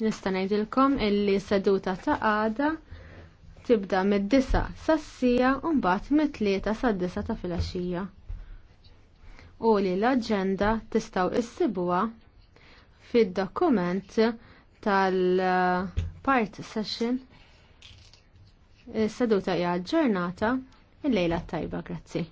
Nista' ngħidilkom illi seduta ta' għada tibda mid-disa sas-sija u mbagħad mit-tlieta sad-disa ta' filgħaxija. U li l-aġenda tistgħu issibuha fid-dokument tal-part session Is-seduta hija ġurnata il-lejla tajba, grazzi.